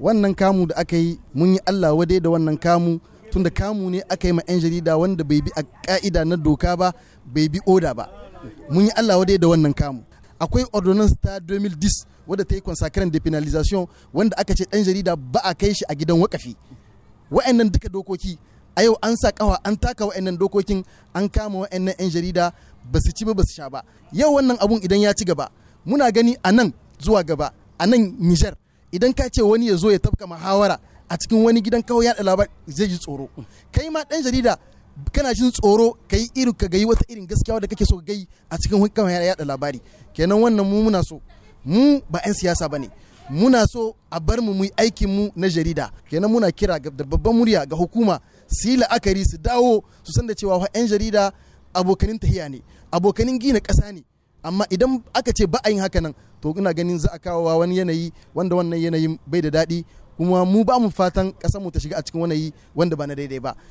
wannan kamu da aka yi mun yi allah wade da wannan kamu da kamu ne aka yi ma 'yan jarida wanda bai bi a ka'ida na doka ba bai bi oda ba mun yi allah wade da wannan kamu akwai ordonance ta 2010 wadda ta yi consacrant depenalization wanda aka ce ɗan jarida ba a kai shi a gidan wakafi wa'annan duka dokoki a yau an sa kawa an taka wa'annan dokokin an kama wa'annan 'yan jarida ba su ci ba ba su sha ba yau wannan abun idan ya ci gaba muna gani a nan zuwa gaba a nan nijar idan ka ce wani ya zo ya tafka muhawara a cikin wani gidan kawo yaɗa labar zai ji tsoro mm. kai ma ɗan jarida kana jin tsoro ka yi irin ka gayi wata irin gaskiya da kake so ka gayi a cikin hukumar yaɗa labari kenan wannan mu muna so mu ba 'yan siyasa ba ne muna so a bar mu yi aikin mu na jarida kenan muna kira da babban murya ga hukuma su yi la'akari su dawo su san da cewa 'yan jarida abokanin tahiya ne abokanin gina ƙasa ne amma idan aka ce ba a yin haka nan to ina ganin za a kawo wa wani yanayi wanda wannan yanayin bai da daɗi kuma mu ba mu fatan ƙasar mu ta shiga a cikin wani wanda ba na daidai ba